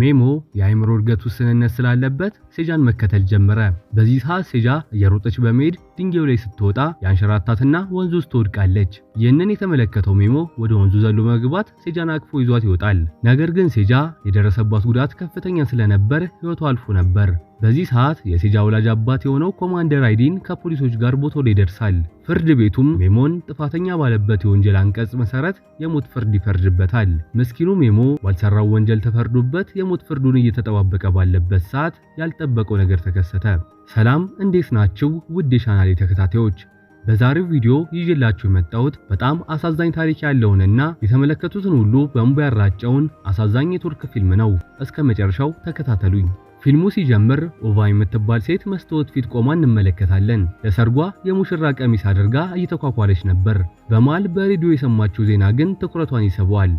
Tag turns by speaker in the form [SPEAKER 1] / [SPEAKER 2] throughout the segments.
[SPEAKER 1] ሜሞ የአይምሮ እድገት ውስንነት ስላለበት ሴጃን መከተል ጀመረ። በዚህ ሰዓት ሴጃ እየሮጠች በመሄድ ድንጌው ላይ ስትወጣ ያንሸራታትና ወንዙ ውስጥ ትወድቃለች። ይህንን የተመለከተው ሚሞ ወደ ወንዙ ዘሎ መግባት ሴጃን አቅፎ ይዟት ይወጣል። ነገር ግን ሴጃ የደረሰባት ጉዳት ከፍተኛ ስለነበር ህይወቱ አልፎ ነበር። በዚህ ሰዓት የሴጃ ወላጅ አባት የሆነው ኮማንደር አይዲን ከፖሊሶች ጋር ቦታው ላይ ይደርሳል። ፍርድ ቤቱም ሜሞን ጥፋተኛ ባለበት የወንጀል አንቀጽ መሰረት የሞት ፍርድ ይፈርድበታል። ምስኪኑ ሜሞ ባልሰራው ወንጀል ተፈርዶበት የሞት ፍርዱን እየተጠባበቀ ባለበት ሰዓት ያልጠበቀው ነገር ተከሰተ። ሰላም እንዴት ናችሁ? ውድ የቻናሌ ተከታታዮች በዛሬው ቪዲዮ ይዤላችሁ የመጣሁት በጣም አሳዛኝ ታሪክ ያለውንና የተመለከቱትን ሁሉ በእንባ ያራጨውን አሳዛኝ የቱርክ ፊልም ነው። እስከ መጨረሻው ተከታተሉኝ። ፊልሙ ሲጀምር ኦቫ የምትባል ሴት መስታወት ፊት ቆማ እንመለከታለን። ለሰርጓ የሙሽራ ቀሚስ አድርጋ እየተኳኳለች ነበር። በመሃል በሬዲዮ የሰማችው ዜና ግን ትኩረቷን ይስበዋል።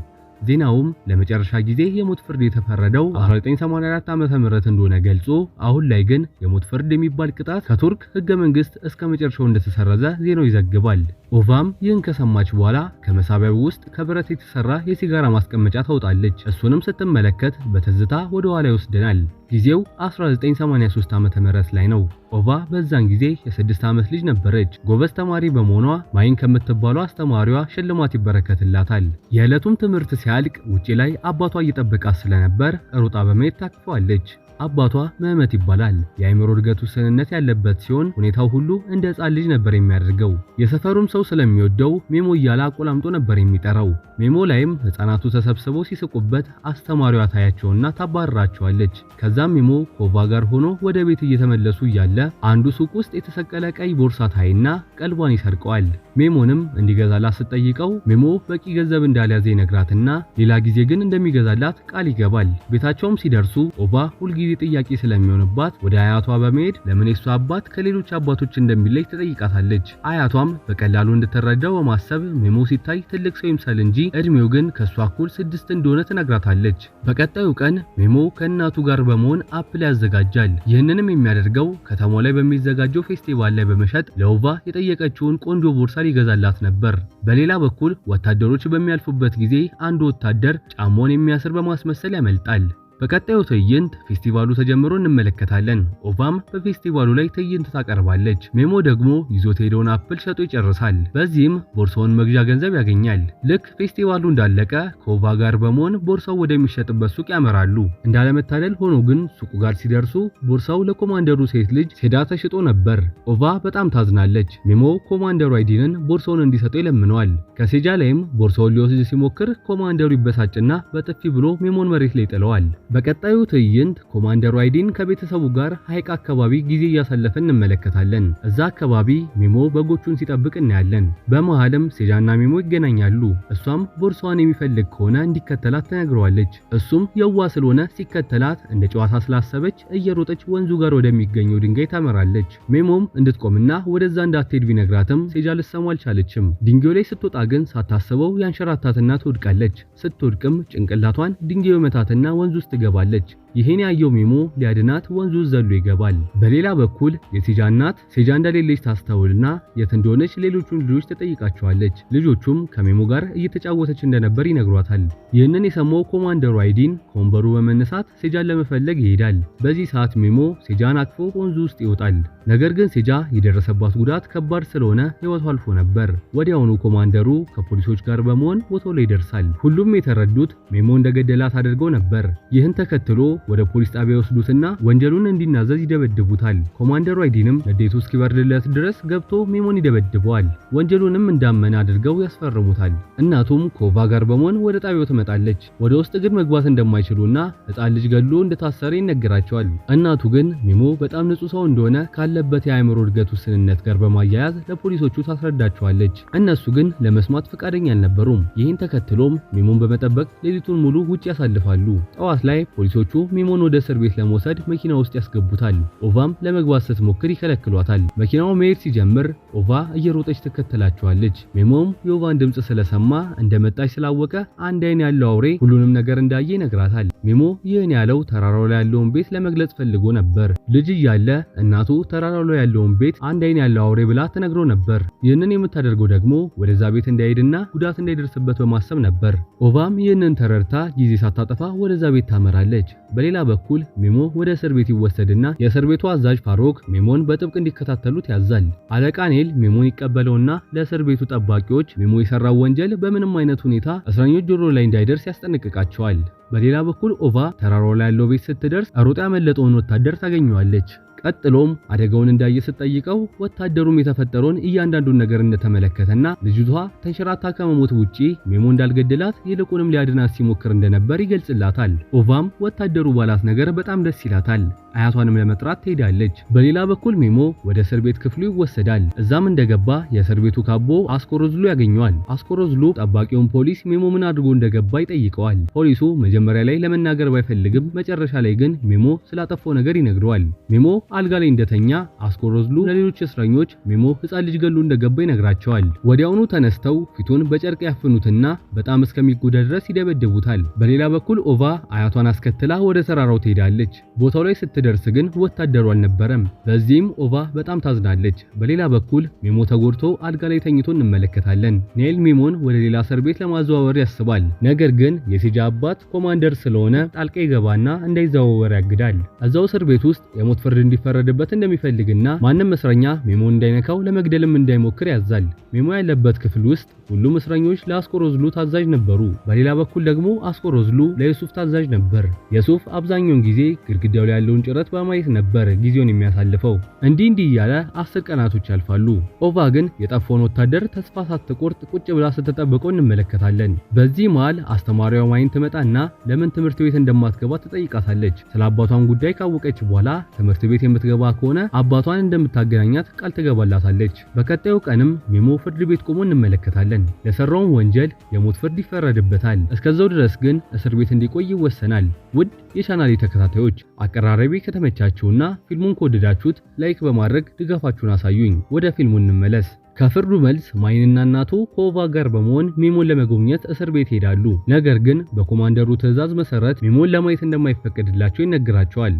[SPEAKER 1] ዜናውም ለመጨረሻ ጊዜ የሞት ፍርድ የተፈረደው 1984 ዓ.ም ምህረት እንደሆነ ገልጾ አሁን ላይ ግን የሞት ፍርድ የሚባል ቅጣት ከቱርክ ህገ መንግስት እስከ መጨረሻው እንደተሰረዘ ዜናው ይዘግባል። ኦቫም ይህን ከሰማች በኋላ ከመሳቢያው ውስጥ ከብረት የተሰራ የሲጋራ ማስቀመጫ ታውጣለች። እሱንም ስትመለከት በትዝታ ወደ ኋላ ይወስደናል። ጊዜው 1983 ዓ.ም ላይ ነው። ኦቫ በዛን ጊዜ የስድስት ዓመት ልጅ ነበረች። ጎበዝ ተማሪ በመሆኗ ማይን ከምትባለው አስተማሪዋ ሽልማት ይበረከትላታል። የዕለቱም ትምህርት ሲያልቅ ውጪ ላይ አባቷ እየጠበቃት ስለነበር ሩጣ በመሄድ ታቅፈዋለች። አባቷ መህመት ይባላል። የአይምሮ እድገት ውስንነት ያለበት ሲሆን ሁኔታው ሁሉ እንደ ህፃን ልጅ ነበር የሚያደርገው። የሰፈሩም ሰው ስለሚወደው ሜሞ እያለ አቆላምጦ ነበር የሚጠራው። ሜሞ ላይም ህፃናቱ ተሰብስበው ሲስቁበት አስተማሪዋ ታያቸውና ታባርራቸዋለች። ከዛም ሜሞ ኮቫ ጋር ሆኖ ወደ ቤት እየተመለሱ እያለ አንዱ ሱቅ ውስጥ የተሰቀለ ቀይ ቦርሳ ታይና ቀልቧን ይሰርቀዋል። ሜሞንም እንዲገዛላት ስትጠይቀው ሜሞ በቂ ገንዘብ እንዳልያዘ ይነግራትና ሌላ ጊዜ ግን እንደሚገዛላት ቃል ይገባል። ቤታቸውም ሲደርሱ ኦባ ሁልጊዜ ጊዜ ጥያቄ ስለሚሆንባት ወደ አያቷ በመሄድ ለምን የሷ አባት ከሌሎች አባቶች እንደሚለይ ትጠይቃታለች። አያቷም በቀላሉ እንድትረዳው በማሰብ ሜሞ ሲታይ ትልቅ ሰው ይምሳል እንጂ እድሜው ግን ከሷ እኩል ስድስት እንደሆነ ትነግራታለች። በቀጣዩ ቀን ሜሞ ከእናቱ ጋር በመሆን አፕል ያዘጋጃል። ይህንንም የሚያደርገው ከተማው ላይ በሚዘጋጀው ፌስቲቫል ላይ በመሸጥ ለውቫ የጠየቀችውን ቆንጆ ቦርሳ ሊገዛላት ነበር። በሌላ በኩል ወታደሮች በሚያልፉበት ጊዜ አንድ ወታደር ጫማውን የሚያስር በማስመሰል ያመልጣል። በቀጣዩ ትዕይንት ፌስቲቫሉ ተጀምሮ እንመለከታለን። ኦቫም በፌስቲቫሉ ላይ ትዕይንት ታቀርባለች። ሜሞ ደግሞ ይዞት ሄደውን አፕል ሸጦ ይጨርሳል። በዚህም ቦርሳውን መግዣ ገንዘብ ያገኛል። ልክ ፌስቲቫሉ እንዳለቀ ከኦቫ ጋር በመሆን ቦርሳው ወደሚሸጥበት ሱቅ ያመራሉ። እንዳለመታደል ሆኖ ግን ሱቁ ጋር ሲደርሱ ቦርሳው ለኮማንደሩ ሴት ልጅ ሴዳ ተሽጦ ነበር። ኦቫ በጣም ታዝናለች። ሜሞ ኮማንደሩ አይዲንን ቦርሳውን እንዲሰጠው ይለምነዋል። ከሴጃ ላይም ቦርሳውን ሊወስድ ሲሞክር ኮማንደሩ ይበሳጭና በጥፊ ብሎ ሜሞን መሬት ላይ ይጥለዋል። በቀጣዩ ትዕይንት ኮማንደር ዋይዲን ከቤተሰቡ ጋር ሐይቅ አካባቢ ጊዜ እያሳለፈ እንመለከታለን። እዛ አካባቢ ሚሞ በጎቹን ሲጠብቅ እናያለን። በመሃልም ሴዳና ሚሞ ይገናኛሉ። እሷም ቦርሳዋን የሚፈልግ ከሆነ እንዲከተላት ተነግረዋለች። እሱም የዋ ስለሆነ ሲከተላት እንደ ጨዋታ ስላሰበች እየሮጠች ወንዙ ጋር ወደሚገኘው ድንጋይ ታመራለች። ሚሞም እንድትቆምና ወደዛ እንዳትሄድ ቢነግራትም ሴጃ ልሰሙ አልቻለችም። ድንጋዩ ላይ ስትወጣ ግን ሳታስበው ያንሸራታትና ትወድቃለች። ስትወድቅም ጭንቅላቷን ድንጋዩ መታትና ወንዙ ውስጥ ትገባለች። ይህን ያየው ሚሞ ሊያድናት ወንዙ ዘሎ ይገባል። በሌላ በኩል የሴጃ እናት ሴጃ እንደሌለች ታስተውልና የት እንደሆነች ሌሎቹን ልጆች ትጠይቃቸዋለች። ልጆቹም ከሚሞ ጋር እየተጫወተች እንደነበር ይነግሯታል። ይህንን የሰማው ኮማንደሩ አይዲን ከወንበሩ በመነሳት ሴጃን ለመፈለግ ይሄዳል። በዚህ ሰዓት ሚሞ ሴጃን አቅፎ ወንዙ ውስጥ ይወጣል። ነገር ግን ሴጃ የደረሰባት ጉዳት ከባድ ስለሆነ ሕይወቷ አልፎ ነበር። ወዲያውኑ ኮማንደሩ ከፖሊሶች ጋር በመሆን ቦታው ላይ ይደርሳል። ሁሉም የተረዱት ሚሞ እንደገደላት አድርገው ነበር። ይህን ተከትሎ ወደ ፖሊስ ጣቢያ ይወስዱትና ወንጀሉን እንዲናዘዝ ይደበድቡታል። ኮማንደሩ አይዲንም ንዴቱ እስኪበርድለት ድረስ ገብቶ ሜሞን ይደበድበዋል። ወንጀሉንም እንዳመነ አድርገው ያስፈርሙታል። እናቱም ኮቫ ጋር በመሆን ወደ ጣቢያው ትመጣለች። ወደ ውስጥ ግን መግባት እንደማይችሉና ህፃን ልጅ ገሎ እንደታሰረ ይነገራቸዋል። እናቱ ግን ሚሞ በጣም ንጹህ ሰው እንደሆነ ካለበት የአእምሮ እድገት ውስንነት ጋር በማያያዝ ለፖሊሶቹ ታስረዳቸዋለች። እነሱ ግን ለመስማት ፈቃደኛ አልነበሩም። ይህን ተከትሎም ሚሞን በመጠበቅ ሌሊቱን ሙሉ ውጭ ያሳልፋሉ። ጠዋት ላይ ፖሊሶቹ ሚሞን ወደ እስር ቤት ለመውሰድ መኪና ውስጥ ያስገቡታል። ኦቫም ለመግባት ስትሞክር ይከለክሏታል። መኪናው መሄድ ሲጀምር ኦቫ እየሮጠች ትከተላቸዋለች። ሚሞም የኦቫን ድምፅ ስለሰማ እንደመጣች ስላወቀ አንድ አይን ያለው አውሬ ሁሉንም ነገር እንዳየ ይነግራታል። ሚሞ ይህን ያለው ተራራው ላይ ያለውን ቤት ለመግለጽ ፈልጎ ነበር። ልጅ እያለ እናቱ ተራራው ላይ ያለውን ቤት አንድ አይን ያለው አውሬ ብላ ተነግሮ ነበር። ይህንን የምታደርገው ደግሞ ወደዛ ቤት እንዳይሄድና ጉዳት እንዳይደርስበት በማሰብ ነበር። ኦቫም ይህንን ተረድታ ጊዜ ሳታጠፋ ወደዛ ቤት ታመራለች። በሌላ በኩል ሚሞ ወደ እስር ቤት ይወሰድና የእስር ቤቱ አዛዥ ፋሮክ ሚሞን በጥብቅ እንዲከታተሉት ያዛል። አለቃ ኔል ሚሞን ይቀበለውና ለእስር ቤቱ ጠባቂዎች ሚሞ የሰራው ወንጀል በምንም አይነት ሁኔታ እስረኞች ጆሮ ላይ እንዳይደርስ ያስጠነቅቃቸዋል። በሌላ በኩል ኦቫ ተራራው ላይ ያለው ቤት ስትደርስ ሮጣ ያመለጠውን ወታደር ታገኘዋለች። ቀጥሎም አደጋውን እንዳየ ስትጠይቀው ወታደሩም የተፈጠረውን እያንዳንዱን ነገር እንደተመለከተና ልጅቷ ተንሸራታ ከመሞት ውጪ ሜሞ እንዳልገደላት ይልቁንም ሊያድናት ሲሞክር እንደነበር ይገልጽላታል። ኦቫም ወታደሩ ባላት ነገር በጣም ደስ ይላታል። አያቷንም ለመጥራት ትሄዳለች። በሌላ በኩል ሜሞ ወደ እስር ቤት ክፍሉ ይወሰዳል። እዛም እንደገባ የእስር ቤቱ ካቦ አስኮሮዝሉ ያገኘዋል። አስኮሮዝሉ ጠባቂውን ፖሊስ ሜሞ ምን አድርጎ እንደገባ ይጠይቀዋል። ፖሊሱ መጀመሪያ ላይ ለመናገር ባይፈልግም መጨረሻ ላይ ግን ሜሞ ስላጠፋው ነገር ይነግረዋል። ሜሞ አልጋ ላይ እንደተኛ አስኮረዝሉ ለሌሎች እስረኞች ሜሞ ህፃን ልጅ ገሉ እንደገባ ይነግራቸዋል። ወዲያውኑ ተነስተው ፊቱን በጨርቅ ያፍኑትና በጣም እስከሚጎዳ ድረስ ይደበድቡታል። በሌላ በኩል ኦቫ አያቷን አስከትላ ወደ ተራራው ትሄዳለች። ቦታው ላይ ስትደርስ ግን ወታደሩ አልነበረም። በዚህም ኦቫ በጣም ታዝናለች። በሌላ በኩል ሜሞ ተጎድቶ አልጋ ላይ ተኝቶ እንመለከታለን። ኔል ሜሞን ወደ ሌላ እስር ቤት ለማዘዋወር ያስባል። ነገር ግን የሲጃ አባት ኮማንደር ስለሆነ ጣልቃ ይገባና እንዳይዘዋወር ያግዳል። እዛው እስር ቤት ውስጥ የሞት ፍርድ እንዲፈረድበት እንደሚፈልግና ማንም እስረኛ ሜሞን እንዳይነካው ለመግደልም እንዳይሞክር ያዛል። ሜሞ ያለበት ክፍል ውስጥ ሁሉም እስረኞች ለአስቆሮዝሉ ታዛዥ ነበሩ። በሌላ በኩል ደግሞ አስቆሮዝሉ ለዩሱፍ ታዛዥ ነበር። የሱፍ አብዛኛውን ጊዜ ግድግዳው ላይ ያለውን ጭረት በማየት ነበር ጊዜውን የሚያሳልፈው። እንዲህ እንዲህ እያለ አስር ቀናቶች ያልፋሉ። ኦቫ ግን የጠፋውን ወታደር ተስፋ ሳትቆርጥ ቁጭ ብላ ስትጠብቀው እንመለከታለን። በዚህ መሃል አስተማሪዋ ማይን ትመጣና ለምን ትምህርት ቤት እንደማትገባ ትጠይቃታለች። ስለ አባቷን ጉዳይ ካወቀች በኋላ ትምህርት ቤት የምትገባ ከሆነ አባቷን እንደምታገናኛት ቃል ትገባላታለች። በቀጣዩ ቀንም ሚሞ ፍርድ ቤት ቆሞ እንመለከታለን። ለሰራውም ወንጀል የሞት ፍርድ ይፈረድበታል። እስከዛው ድረስ ግን እስር ቤት እንዲቆይ ይወሰናል። ውድ የቻናሌ ተከታታዮች አቀራረቤ ከተመቻችሁና ፊልሙን ከወደዳችሁት ላይክ በማድረግ ድጋፋችሁን አሳዩኝ። ወደ ፊልሙ እንመለስ። ከፍርዱ መልስ ማይንና እናቱ ኮቫ ጋር በመሆን ሚሞን ለመጎብኘት እስር ቤት ይሄዳሉ። ነገር ግን በኮማንደሩ ትዕዛዝ መሰረት ሚሞን ለማየት እንደማይፈቀድላቸው ይነግራቸዋል።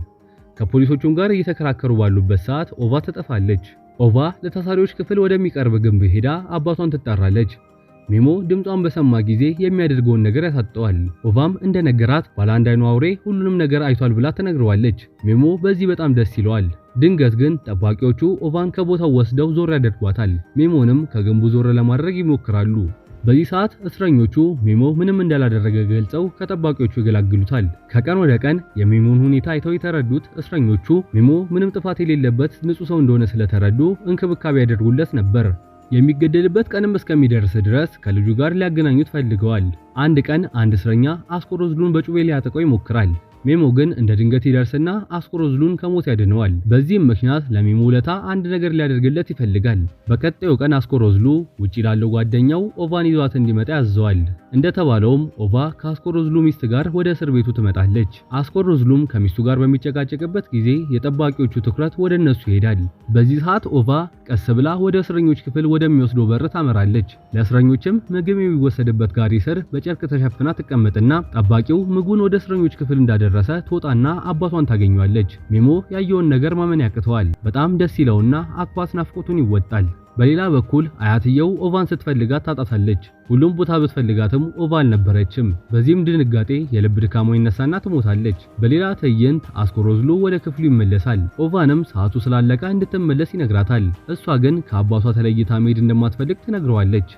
[SPEAKER 1] ከፖሊሶቹም ጋር እየተከራከሩ ባሉበት ሰዓት ኦቫ ትጠፋለች። ኦቫ ለታሳሪዎች ክፍል ወደሚቀርብ ግንብ ሄዳ አባቷን ትጠራለች። ሚሞ ድምጿን በሰማ ጊዜ የሚያደርገውን ነገር ያሳጠዋል። ኦቫም እንደነገራት ባለ አንድ አይኑ አውሬ ሁሉንም ነገር አይቷል ብላ ተነግረዋለች። ሚሞ በዚህ በጣም ደስ ይለዋል። ድንገት ግን ጠባቂዎቹ ኦቫን ከቦታው ወስደው ዞር ያደርጓታል። ሚሞንም ከግንቡ ዞር ለማድረግ ይሞክራሉ። በዚህ ሰዓት እስረኞቹ ሚሞ ምንም እንዳላደረገ ገልጸው ከጠባቂዎቹ ይገላግሉታል። ከቀን ወደ ቀን የሚሞን ሁኔታ አይተው የተረዱት እስረኞቹ ሚሞ ምንም ጥፋት የሌለበት ንጹህ ሰው እንደሆነ ስለተረዱ እንክብካቤ ያደርጉለት ነበር። የሚገደልበት ቀንም እስከሚደርስ ድረስ ከልጁ ጋር ሊያገናኙት ፈልገዋል። አንድ ቀን አንድ እስረኛ አስቆሮዝሉን በጩቤ ሊያጠቀው ይሞክራል። ሜሞ ግን እንደ ድንገት ይደርስና አስኮሮዝሉን ከሞት ያድነዋል። በዚህም ምክንያት ለሜሞ ውለታ አንድ ነገር ሊያደርግለት ይፈልጋል። በቀጣዩ ቀን አስቆሮዝሉ ውጪ ላለው ጓደኛው ኦቫን ይዟት እንዲመጣ ያዘዋል። እንደተባለውም ኦቫ ከአስቆሮዝሉ ሚስት ጋር ወደ እስር ቤቱ ትመጣለች። አስቆሮዝሉም ከሚስቱ ጋር በሚጨቃጨቅበት ጊዜ የጠባቂዎቹ ትኩረት ወደ እነሱ ይሄዳል። በዚህ ሰዓት ኦቫ ቀስ ብላ ወደ እስረኞች ክፍል ወደሚወስደው በር ታመራለች። ለእስረኞችም ምግብ የሚወሰድበት ጋሪ ስር በጨርቅ ተሸፍና ትቀመጥና ጠባቂው ምግቡን ወደ እስረኞች ክፍል እንዳደረ እንደደረሰ ትወጣና አባቷን ታገኘዋለች። ሚሞ ያየውን ነገር ማመን ያቅተዋል። በጣም ደስ ይለውና አክባስ ናፍቆቱን ይወጣል። በሌላ በኩል አያትየው ኦቫን ስትፈልጋት ታጣታለች። ሁሉም ቦታ ብትፈልጋትም ኦቫ አልነበረችም። በዚህም ድንጋጤ የልብ ድካሟ ይነሳና ትሞታለች። በሌላ ትዕይንት አስኮሮዝሎ ወደ ክፍሉ ይመለሳል። ኦቫንም ሰዓቱ ስላለቀ እንድትመለስ ይነግራታል። እሷ ግን ከአባቷ ተለይታ መሄድ እንደማትፈልግ ትነግረዋለች።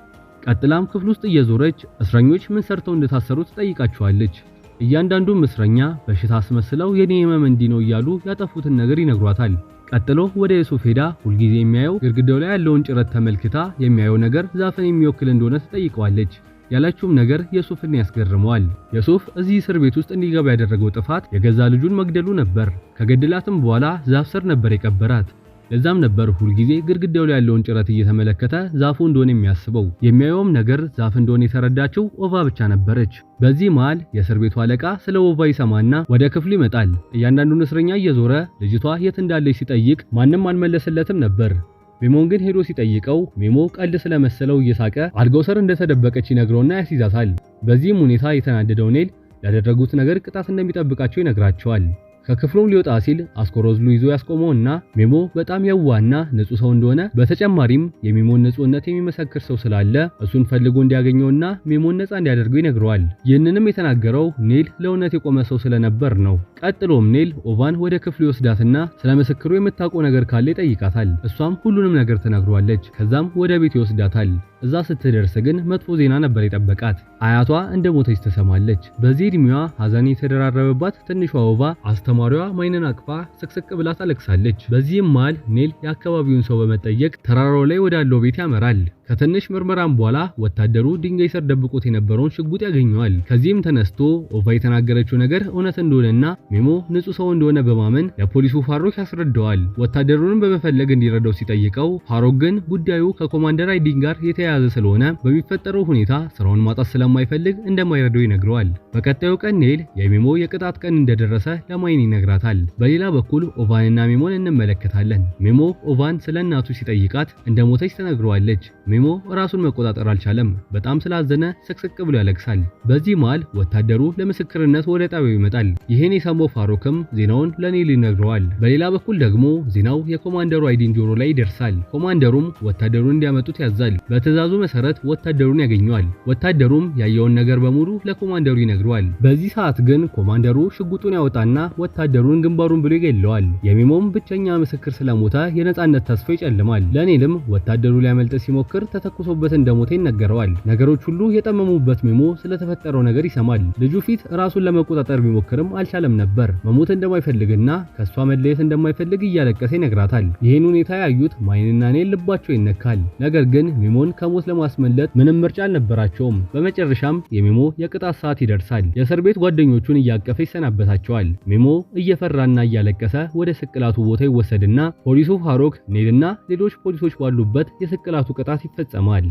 [SPEAKER 1] ቀጥላም ክፍል ውስጥ እየዞረች እስረኞች ምን ሰርተው እንደታሰሩ ትጠይቃቸዋለች። እያንዳንዱም እስረኛ በሽታ አስመስለው የኔ ህመም እንዲህ ነው እያሉ ያጠፉትን ነገር ይነግሯታል። ቀጥሎ ወደ ዩሱፍ ሄዳ ሁልጊዜ የሚያየው ግድግዳው ላይ ያለውን ጭረት ተመልክታ የሚያየው ነገር ዛፍን የሚወክል እንደሆነ ትጠይቀዋለች። ያላችሁም ነገር ዩሱፍን ያስገርመዋል። የሱፍ እዚህ እስር ቤት ውስጥ እንዲገባ ያደረገው ጥፋት የገዛ ልጁን መግደሉ ነበር። ከገደላትም በኋላ ዛፍ ስር ነበር የቀበራት። ለዛም ነበር ሁልጊዜ ግድግዳው ላይ ያለውን ጭረት እየተመለከተ ዛፉ እንደሆነ የሚያስበው። የሚያየውም ነገር ዛፍ እንደሆነ የተረዳችው ኦቫ ብቻ ነበረች። በዚህ መሃል የእስር ቤቱ አለቃ ስለ ኦቫ ይሰማና ወደ ክፍሉ ይመጣል። እያንዳንዱን እስረኛ እየዞረ ልጅቷ የት እንዳለች ሲጠይቅ ማንም አልመለሰለትም ነበር። ሜሞን ግን ሄዶ ሲጠይቀው ሜሞ ቀልድ ስለመሰለው እየሳቀ አልጋው ስር እንደተደበቀች ይነግረውና ያስይዛታል። በዚህም ሁኔታ የተናደደው ኔል ያደረጉት ነገር ቅጣት እንደሚጠብቃቸው ይነግራቸዋል። ከክፍሉም ሊወጣ ሲል አስኮሮዝሉ ይዞ ያስቆመውና ሜሞ በጣም የዋና ንጹህ ሰው እንደሆነ በተጨማሪም የሜሞን ንጹህነት የሚመሰክር ሰው ስላለ እሱን ፈልጎ እንዲያገኘውና ሜሞን ነፃ እንዲያደርገው ይነግረዋል። ይህንንም የተናገረው ኔል ለእውነት የቆመ ሰው ስለነበር ነው። ቀጥሎም ኔል ኦቫን ወደ ክፍሉ ይወስዳትና ስለ ምስክሩ የምታውቀው ነገር ካለ ይጠይቃታል። እሷም ሁሉንም ነገር ትነግረዋለች። ከዛም ወደ ቤት ይወስዳታል። እዛ ስትደርስ ግን መጥፎ ዜና ነበር የጠበቃት። አያቷ እንደሞተች ትሰማለች። በዚህ እድሜዋ ሀዘን የተደራረበባት ትንሿ ኦቫ አስተማ ተማሪዋ ማይነን አቅፋ ስቅስቅ ብላ ታለቅሳለች። በዚህም መሃል ኔል የአካባቢውን ሰው በመጠየቅ ተራራው ላይ ወዳለው ቤት ያመራል። ከትንሽ ምርመራም በኋላ ወታደሩ ድንጋይ ስር ደብቆት የነበረውን ሽጉጥ ያገኘዋል። ከዚህም ተነስቶ ኦቫ የተናገረችው ነገር እውነት እንደሆነና ሜሞ ንጹህ ሰው እንደሆነ በማመን ለፖሊሱ ፋሮክ ያስረዳዋል። ወታደሩንም በመፈለግ እንዲረዳው ሲጠይቀው ፋሮክ ግን ጉዳዩ ከኮማንደር አይዲን ጋር የተያያዘ ስለሆነ በሚፈጠረው ሁኔታ ስራውን ማጣት ስለማይፈልግ እንደማይረዳው ይነግረዋል። በቀጣዩ ቀን ኔል የሜሞ የቅጣት ቀን እንደደረሰ ለማይን ይነግራታል። በሌላ በኩል ኦቫንና ሚሞን እንመለከታለን። ሚሞ ኦቫን ስለ እናቱ ሲጠይቃት እንደሞተች ተነግረዋለች። ሚሞ ራሱን መቆጣጠር አልቻለም። በጣም ስላዘነ ስቅስቅ ብሎ ያለቅሳል። በዚህ መሃል ወታደሩ ለምስክርነት ወደ ጣቢያው ይመጣል። ይህን የሰማው ፋሮክም ዜናውን ለኔል ይነግረዋል። በሌላ በኩል ደግሞ ዜናው የኮማንደሩ አይዲን ጆሮ ላይ ይደርሳል። ኮማንደሩም ወታደሩን እንዲያመጡት ያዛል። በትዕዛዙ መሰረት ወታደሩን ያገኘዋል። ወታደሩም ያየውን ነገር በሙሉ ለኮማንደሩ ይነግረዋል። በዚህ ሰዓት ግን ኮማንደሩ ሽጉጡን ያወጣና ወታደሩን ግንባሩን ብሎ ይገለዋል። የሚሞም ብቸኛ ምስክር ስለሞተ የነጻነት ተስፋ ይጨልማል። ለኔልም ወታደሩ ሊያመልጥ ሲሞክር ተተኩሶበት እንደሞተ ይነገረዋል። ነገሮች ሁሉ የጠመሙበት ሚሞ ስለተፈጠረው ነገር ይሰማል። ልጁ ፊት ራሱን ለመቆጣጠር ቢሞክርም አልቻለም ነበር። መሞት እንደማይፈልግና ከሷ መለየት እንደማይፈልግ እያለቀሰ ይነግራታል። ይህን ሁኔታ ያዩት ማይንና ኔል ልባቸው ይነካል። ነገር ግን ሚሞን ከሞት ለማስመለጥ ምንም ምርጫ አልነበራቸውም። በመጨረሻም የሚሞ የቅጣት ሰዓት ይደርሳል። የእስር ቤት ጓደኞቹን እያቀፈ ይሰናበታቸዋል። ሚሞ እየፈራና እያለቀሰ ወደ ስቅላቱ ቦታ ይወሰድና ፖሊሱ ፋሮክ ኔልና ሌሎች ፖሊሶች ባሉበት የስቅላቱ ቅጣት ይፈጸማል።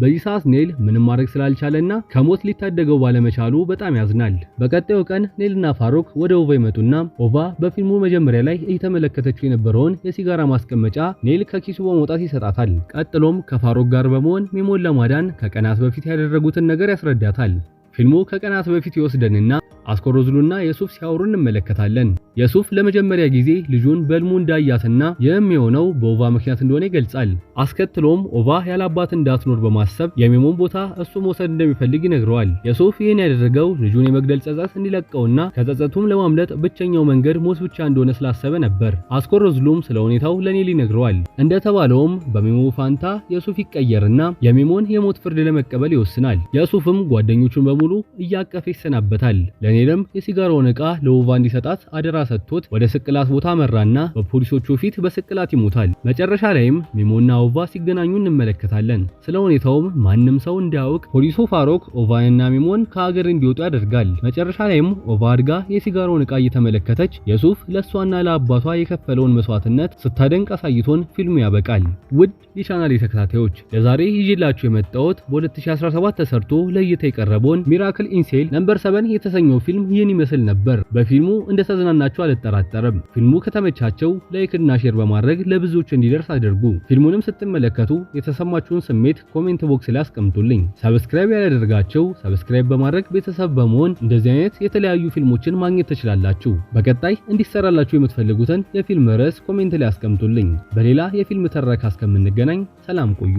[SPEAKER 1] በዚህ ሰዓት ኔል ምንም ማድረግ ስላልቻለና ከሞት ሊታደገው ባለመቻሉ በጣም ያዝናል። በቀጣዩ ቀን ኔልና ፋሮክ ወደ ኦቫ ይመጡና ኦቫ በፊልሙ መጀመሪያ ላይ እየተመለከተችው የነበረውን የሲጋራ ማስቀመጫ ኔል ከኪሱ በመውጣት ይሰጣታል። ቀጥሎም ከፋሮክ ጋር በመሆን ሚሞን ለማዳን ከቀናት በፊት ያደረጉትን ነገር ያስረዳታል። ፊልሙ ከቀናት በፊት ይወስደንና አስኮሮዝሉና የሱፍ ሲያወሩ እንመለከታለን። የሱፍ ለመጀመሪያ ጊዜ ልጁን በልሙ እንዳያትና የሚሆነው በኦቫ ምክንያት እንደሆነ ይገልጻል። አስከትሎም ኦቫ ያላባት እንዳትኖር በማሰብ የሚሞን ቦታ እሱ መውሰድ እንደሚፈልግ ይነግረዋል። የሱፍ ይህን ያደረገው ልጁን የመግደል ጸጸት እንዲለቀውና ከጸጸቱም ለማምለጥ ብቸኛው መንገድ ሞት ብቻ እንደሆነ ስላሰበ ነበር። አስኮሮዝሉም ስለ ሁኔታው ለኔል ይነግረዋል። እንደተባለውም በሚሞ ፋንታ የሱፍ ይቀየርና የሚሞን የሞት ፍርድ ለመቀበል ይወስናል። የሱፍም ጓደኞቹን በሙሉ እያቀፈ ይሰናበታል። ዳንኤልም የሲጋራውን ዕቃ ለውቫ እንዲሰጣት አደራ ሰጥቶት ወደ ስቅላት ቦታ መራና በፖሊሶቹ ፊት በስቅላት ይሞታል። መጨረሻ ላይም ሚሞና ኦቫ ሲገናኙ እንመለከታለን። ስለ ሁኔታውም ማንም ሰው እንዳያውቅ ፖሊሱ ፋሮክ ኦቫንና ሚሞን ከአገር እንዲወጡ ያደርጋል። መጨረሻ ላይም ኦቫ አድጋ የሲጋራውን ዕቃ እየተመለከተች የሱፍ ለእሷና ለአባቷ የከፈለውን መስዋዕትነት ስታደንቅ አሳይቶን ፊልሙ ያበቃል። ውድ የቻናሌ ተከታታዮች ለዛሬ ይዤላችሁ የመጣሁት በ2017 ተሰርቶ ለእይታ የቀረበውን ሚራክል ኢንሴል ነምበር 7 የተሰኘው ፊልም ይህን ይመስል ነበር። በፊልሙ እንደተዝናናችሁ አልጠራጠርም። ፊልሙ ከተመቻቸው ላይክና ሼር በማድረግ ለብዙዎች እንዲደርስ አድርጉ። ፊልሙንም ስትመለከቱ የተሰማችሁን ስሜት ኮሜንት ቦክስ ላይ አስቀምጡልኝ። ሰብስክራይብ ያላደርጋችሁ ሰብስክራይብ በማድረግ ቤተሰብ በመሆን እንደዚህ አይነት የተለያዩ ፊልሞችን ማግኘት ትችላላችሁ። በቀጣይ እንዲሰራላችሁ የምትፈልጉትን የፊልም ርዕስ ኮሜንት ላይ አስቀምጡልኝ። በሌላ የፊልም ተረካ እስከምንገናኝ ሰላም ቆዩ።